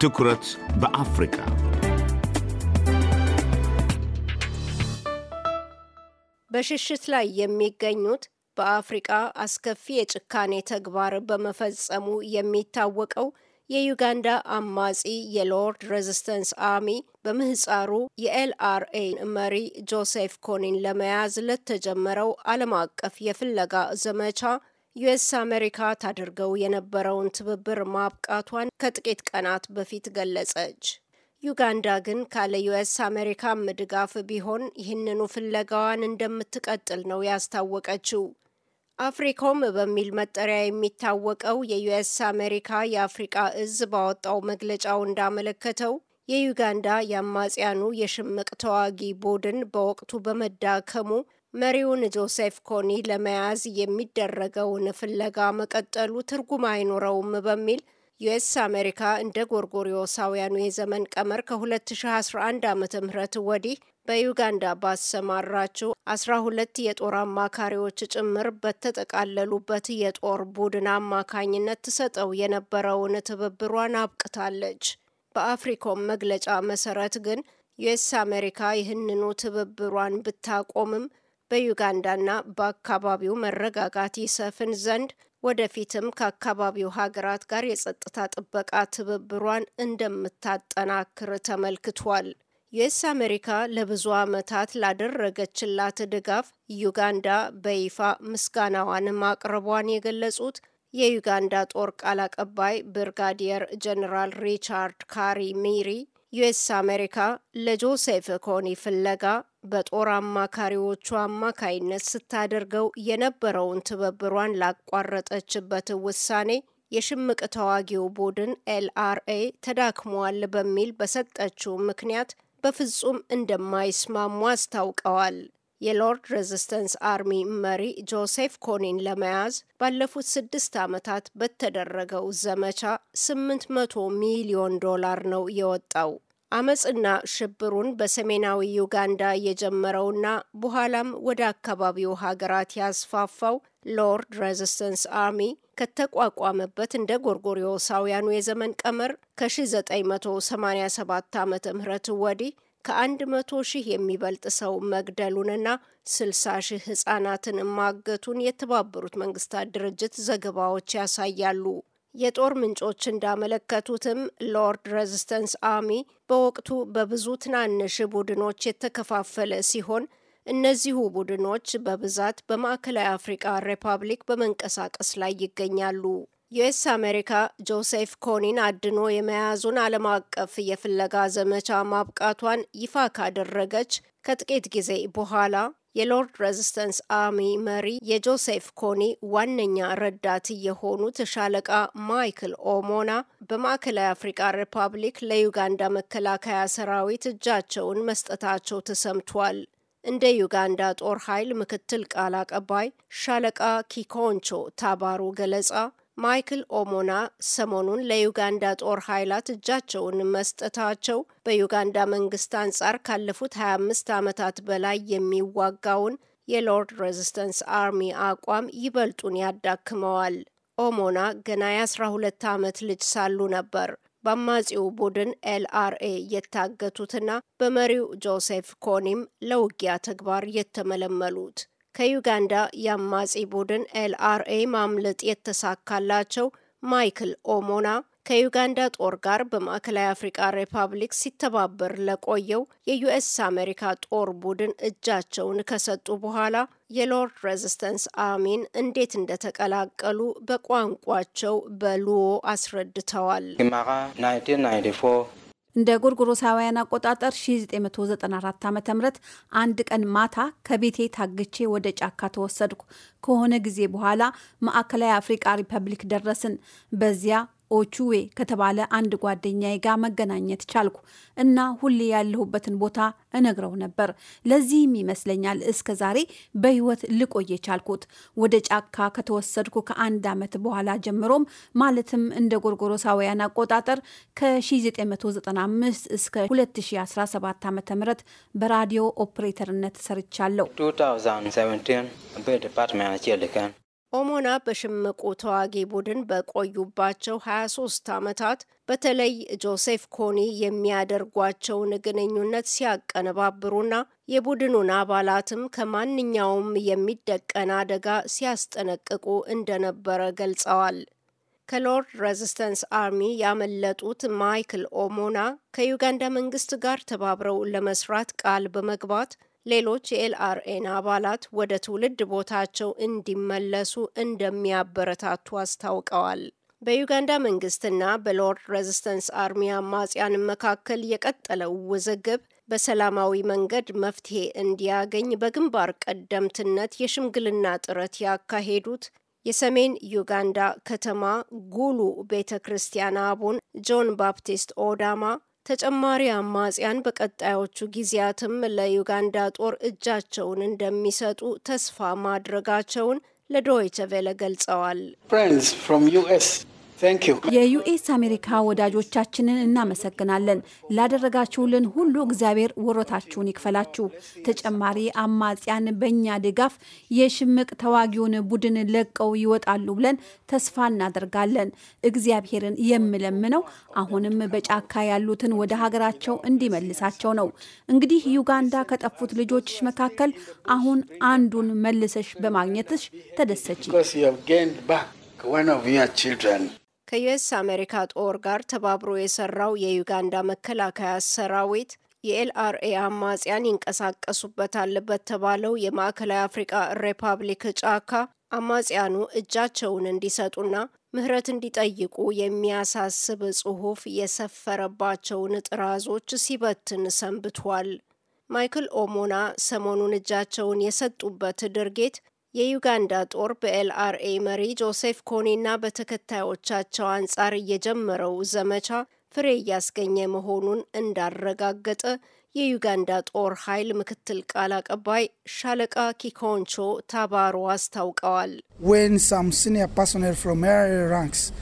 ትኩረት በአፍሪካ በሽሽት ላይ የሚገኙት በአፍሪቃ አስከፊ የጭካኔ ተግባር በመፈጸሙ የሚታወቀው የዩጋንዳ አማጺ የሎርድ ሬዚስተንስ አሚ በምህፃሩ የኤልአርኤ መሪ ጆሴፍ ኮኒን ለመያዝ ለተጀመረው ዓለም አቀፍ የፍለጋ ዘመቻ ዩኤስ አሜሪካ ታደርገው የነበረውን ትብብር ማብቃቷን ከጥቂት ቀናት በፊት ገለጸች። ዩጋንዳ ግን ካለ ዩኤስ አሜሪካም ድጋፍ ቢሆን ይህንኑ ፍለጋዋን እንደምትቀጥል ነው ያስታወቀችው። አፍሪኮም በሚል መጠሪያ የሚታወቀው የዩኤስ አሜሪካ የአፍሪቃ እዝ ባወጣው መግለጫው እንዳመለከተው የዩጋንዳ የአማጽያኑ የሽምቅ ተዋጊ ቡድን በወቅቱ በመዳከሙ መሪውን ጆሴፍ ኮኒ ለመያዝ የሚደረገውን ፍለጋ መቀጠሉ ትርጉም አይኖረውም በሚል ዩኤስ አሜሪካ እንደ ጎርጎሪዮሳውያኑ የዘመን ቀመር ከ2011 ዓ ም ወዲህ በዩጋንዳ ባሰማራችው 12 የጦር አማካሪዎች ጭምር በተጠቃለሉበት የጦር ቡድን አማካኝነት ትሰጠው የነበረውን ትብብሯን አብቅታለች። በአፍሪኮም መግለጫ መሰረት ግን ዩኤስ አሜሪካ ይህንኑ ትብብሯን ብታቆምም በዩጋንዳና በአካባቢው መረጋጋት ይሰፍን ዘንድ ወደፊትም ከአካባቢው ሀገራት ጋር የጸጥታ ጥበቃ ትብብሯን እንደምታጠናክር ተመልክቷል። ዩኤስ አሜሪካ ለብዙ ዓመታት ላደረገችላት ድጋፍ ዩጋንዳ በይፋ ምስጋናዋን ማቅረቧን የገለጹት የዩጋንዳ ጦር ቃል አቀባይ ብርጋዲየር ጀኔራል ሪቻርድ ካሪ ሚሪ ዩኤስ አሜሪካ ለጆሴፍ ኮኒ ፍለጋ በጦር አማካሪዎቹ አማካይነት ስታደርገው የነበረውን ትብብሯን ላቋረጠችበት ውሳኔ የሽምቅ ተዋጊው ቡድን ኤልአርኤ ተዳክሟል በሚል በሰጠችው ምክንያት በፍጹም እንደማይስማሙ አስታውቀዋል። የሎርድ ሬዚስተንስ አርሚ መሪ ጆሴፍ ኮኒን ለመያዝ ባለፉት ስድስት ዓመታት በተደረገው ዘመቻ ስምንት መቶ ሚሊዮን ዶላር ነው የወጣው። አመፅና ሽብሩን በሰሜናዊ ዩጋንዳ የጀመረውና በኋላም ወደ አካባቢው ሀገራት ያስፋፋው ሎርድ ሬዚስተንስ አርሚ ከተቋቋመበት እንደ ጎርጎሪዮሳውያኑ የዘመን ቀመር ከ1987 ዓ ም ወዲህ ከ100 ሺህ የሚበልጥ ሰው መግደሉንና 60 ሺህ ህጻናትን ማገቱን የተባበሩት መንግስታት ድርጅት ዘገባዎች ያሳያሉ። የጦር ምንጮች እንዳመለከቱትም ሎርድ ሬዚስተንስ አርሚ በወቅቱ በብዙ ትናንሽ ቡድኖች የተከፋፈለ ሲሆን እነዚሁ ቡድኖች በብዛት በማዕከላዊ አፍሪካ ሪፐብሊክ በመንቀሳቀስ ላይ ይገኛሉ። ዩኤስ አሜሪካ ጆሴፍ ኮኒን አድኖ የመያዙን ዓለም አቀፍ የፍለጋ ዘመቻ ማብቃቷን ይፋ ካደረገች ከጥቂት ጊዜ በኋላ የሎርድ ሬዚስተንስ አርሚ መሪ የጆሴፍ ኮኒ ዋነኛ ረዳት የሆኑት ሻለቃ ማይክል ኦሞና በማዕከላዊ አፍሪካ ሪፐብሊክ ለዩጋንዳ መከላከያ ሰራዊት እጃቸውን መስጠታቸው ተሰምቷል። እንደ ዩጋንዳ ጦር ኃይል ምክትል ቃል አቀባይ ሻለቃ ኪኮንቾ ታባሩ ገለጻ ማይክል ኦሞና ሰሞኑን ለዩጋንዳ ጦር ኃይላት እጃቸውን መስጠታቸው በዩጋንዳ መንግስት አንጻር ካለፉት 25 ዓመታት በላይ የሚዋጋውን የሎርድ ሬዚስተንስ አርሚ አቋም ይበልጡን ያዳክመዋል። ኦሞና ገና የ12 ዓመት ልጅ ሳሉ ነበር በአማጺው ቡድን ኤልአርኤ የታገቱትና በመሪው ጆሴፍ ኮኒም ለውጊያ ተግባር የተመለመሉት። ከዩጋንዳ የአማጺ ቡድን ኤልአርኤ ማምለጥ የተሳካላቸው ማይክል ኦሞና ከዩጋንዳ ጦር ጋር በማዕከላዊ አፍሪቃ ሪፐብሊክ ሲተባበር ለቆየው የዩኤስ አሜሪካ ጦር ቡድን እጃቸውን ከሰጡ በኋላ የሎርድ ሬዚስተንስ አሚን እንዴት እንደተቀላቀሉ በቋንቋቸው በሉዎ አስረድተዋል። እንደ ጎርጎሮሳውያን አቆጣጠር 1994 ዓ ም አንድ ቀን ማታ ከቤቴ ታግቼ ወደ ጫካ ተወሰድኩ። ከሆነ ጊዜ በኋላ ማዕከላዊ አፍሪቃ ሪፐብሊክ ደረስን። በዚያ ኦቹዌ ከተባለ አንድ ጓደኛዬ ጋር መገናኘት ቻልኩ እና ሁሌ ያለሁበትን ቦታ እነግረው ነበር። ለዚህም ይመስለኛል እስከ ዛሬ በህይወት ልቆየ ቻልኩት ወደ ጫካ ከተወሰድኩ ከአንድ ዓመት በኋላ ጀምሮም ማለትም እንደ ጎርጎሮሳውያን አቆጣጠር ከ1995 እስከ 2017 ዓ ም በራዲዮ ኦፕሬተርነት ሰርቻለሁ። ኦሞና በሽምቁ ተዋጊ ቡድን በቆዩባቸው 23 ዓመታት በተለይ ጆሴፍ ኮኒ የሚያደርጓቸውን ግንኙነት ሲያቀነባብሩና የቡድኑን አባላትም ከማንኛውም የሚደቀን አደጋ ሲያስጠነቅቁ እንደነበረ ገልጸዋል። ከሎርድ ሬዚስተንስ አርሚ ያመለጡት ማይክል ኦሞና ከዩጋንዳ መንግስት ጋር ተባብረው ለመስራት ቃል በመግባት ሌሎች የኤልአርኤን አባላት ወደ ትውልድ ቦታቸው እንዲመለሱ እንደሚያበረታቱ አስታውቀዋል። በዩጋንዳ መንግስትና በሎርድ ሬዚስተንስ አርሚ አማጽያን መካከል የቀጠለው ውዝግብ በሰላማዊ መንገድ መፍትሄ እንዲያገኝ በግንባር ቀደምትነት የሽምግልና ጥረት ያካሄዱት የሰሜን ዩጋንዳ ከተማ ጉሉ ቤተ ክርስቲያን አቡን ጆን ባፕቲስት ኦዳማ ተጨማሪ አማጽያን በቀጣዮቹ ጊዜያትም ለዩጋንዳ ጦር እጃቸውን እንደሚሰጡ ተስፋ ማድረጋቸውን ለዶይቸ ቬለ ገልጸዋል። የዩኤስ አሜሪካ ወዳጆቻችንን እናመሰግናለን። ላደረጋችሁልን ሁሉ እግዚአብሔር ውሮታችሁን ይክፈላችሁ። ተጨማሪ አማጽያን በእኛ ድጋፍ የሽምቅ ተዋጊውን ቡድን ለቀው ይወጣሉ ብለን ተስፋ እናደርጋለን። እግዚአብሔርን የምለምነው አሁንም በጫካ ያሉትን ወደ ሀገራቸው እንዲመልሳቸው ነው። እንግዲህ ዩጋንዳ ከጠፉት ልጆችሽ መካከል አሁን አንዱን መልሰሽ በማግኘትሽ ተደሰች። ከዩኤስ አሜሪካ ጦር ጋር ተባብሮ የሰራው የዩጋንዳ መከላከያ ሰራዊት የኤልአርኤ አማጽያን ይንቀሳቀሱበታል በተባለው የማዕከላዊ አፍሪቃ ሪፐብሊክ ጫካ አማጽያኑ እጃቸውን እንዲሰጡና ምህረት እንዲጠይቁ የሚያሳስብ ጽሑፍ የሰፈረባቸውን ጥራዞች ሲበትን ሰንብቷል። ማይክል ኦሞና ሰሞኑን እጃቸውን የሰጡበት ድርጊት የዩጋንዳ ጦር በኤልአርኤ መሪ ጆሴፍ ኮኒና በተከታዮቻቸው አንጻር የጀመረው ዘመቻ ፍሬ እያስገኘ መሆኑን እንዳረጋገጠ የዩጋንዳ ጦር ኃይል ምክትል ቃል አቀባይ ሻለቃ ኪኮንቾ ታባሮ አስታውቀዋል።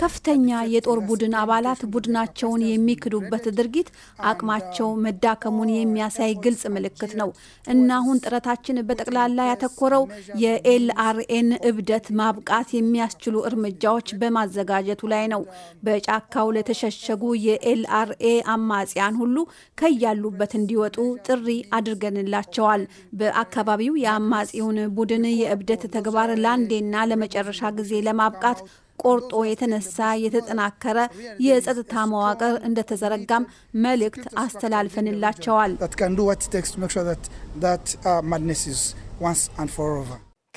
ከፍተኛ የጦር ቡድን አባላት ቡድናቸውን የሚክዱበት ድርጊት አቅማቸው መዳከሙን የሚያሳይ ግልጽ ምልክት ነው እና አሁን ጥረታችን በጠቅላላ ያተኮረው የኤልአርኤን እብደት ማብቃት የሚያስችሉ እርምጃዎች በማዘጋጀቱ ላይ ነው። በጫካው ለተሸሸጉ የኤልአርኤ አማጽያን ሁሉ ከያሉበት እንዲወጡ ጥሪ አድርገንላቸዋል። በአካባቢው የአማጺውን ቡድን የእብደት ተግባር ላንዴና ለመጨረሻ ጊዜ ለማብቃት ቆርጦ የተነሳ የተጠናከረ የጸጥታ መዋቅር እንደተዘረጋም መልእክት አስተላልፈንላቸዋል።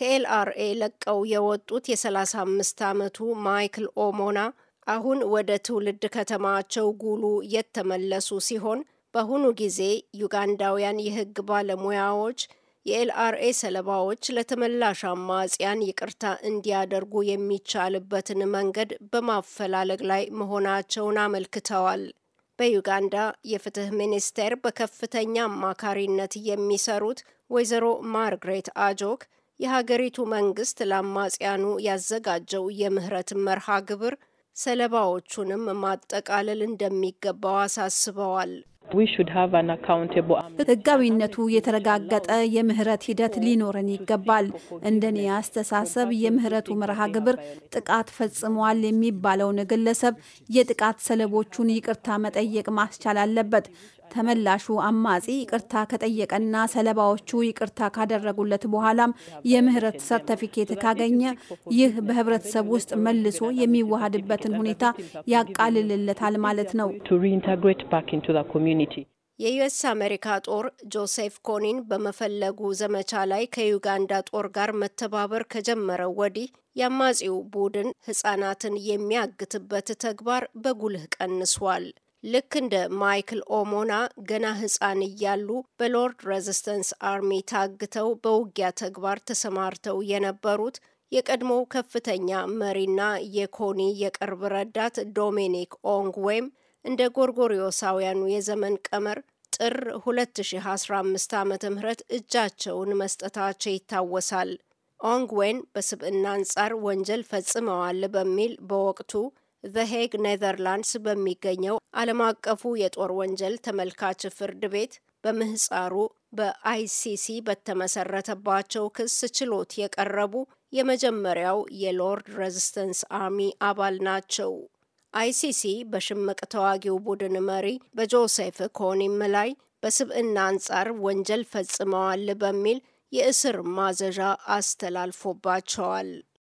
ከኤልአርኤ uh, ለቀው የወጡት የ35 ዓመቱ ማይክል ኦሞና አሁን ወደ ትውልድ ከተማቸው ጉሉ የተመለሱ ሲሆን በአሁኑ ጊዜ ዩጋንዳውያን የሕግ ባለሙያዎች የኤልአርኤ ሰለባዎች ለተመላሽ አማጽያን ይቅርታ እንዲያደርጉ የሚቻልበትን መንገድ በማፈላለግ ላይ መሆናቸውን አመልክተዋል። በዩጋንዳ የፍትህ ሚኒስቴር በከፍተኛ አማካሪነት የሚሰሩት ወይዘሮ ማርግሬት አጆክ የሀገሪቱ መንግስት ለአማጽያኑ ያዘጋጀው የምህረት መርሃ ግብር ሰለባዎቹንም ማጠቃለል እንደሚገባው አሳስበዋል። ህጋዊነቱ የተረጋገጠ የምህረት ሂደት ሊኖረን ይገባል። እንደኔ አስተሳሰብ የምህረቱ መርሃ ግብር ጥቃት ፈጽሟል የሚባለውን ግለሰብ የጥቃት ሰለቦቹን ይቅርታ መጠየቅ ማስቻል አለበት። ተመላሹ አማጺ ይቅርታ ከጠየቀና ሰለባዎቹ ይቅርታ ካደረጉለት በኋላም የምህረት ሰርተፊኬት ካገኘ ይህ በህብረተሰብ ውስጥ መልሶ የሚዋሃድበትን ሁኔታ ያቃልልለታል ማለት ነው። የዩኤስ አሜሪካ ጦር ጆሴፍ ኮኒን በመፈለጉ ዘመቻ ላይ ከዩጋንዳ ጦር ጋር መተባበር ከጀመረው ወዲህ የአማጺው ቡድን ህጻናትን የሚያግትበት ተግባር በጉልህ ቀንሷል። ልክ እንደ ማይክል ኦሞና ገና ህፃን እያሉ በሎርድ ሬዚስተንስ አርሚ ታግተው በውጊያ ተግባር ተሰማርተው የነበሩት የቀድሞው ከፍተኛ መሪና የኮኒ የቅርብ ረዳት ዶሚኒክ ኦንግ ወይም እንደ ጎርጎሪዮሳውያኑ የዘመን ቀመር ጥር 2015 ዓ ም እጃቸውን መስጠታቸው ይታወሳል። ኦንግዌን በስብዕና አንጻር ወንጀል ፈጽመዋል በሚል በወቅቱ ዘሄግ ኔዘርላንድስ በሚገኘው ዓለም አቀፉ የጦር ወንጀል ተመልካች ፍርድ ቤት በምህፃሩ በአይሲሲ በተመሰረተባቸው ክስ ችሎት የቀረቡ የመጀመሪያው የሎርድ ሬዚስተንስ አርሚ አባል ናቸው። አይሲሲ በሽምቅ ተዋጊው ቡድን መሪ በጆሴፍ ኮኒም ላይ በስብዕና አንጻር ወንጀል ፈጽመዋል በሚል የእስር ማዘዣ አስተላልፎባቸዋል።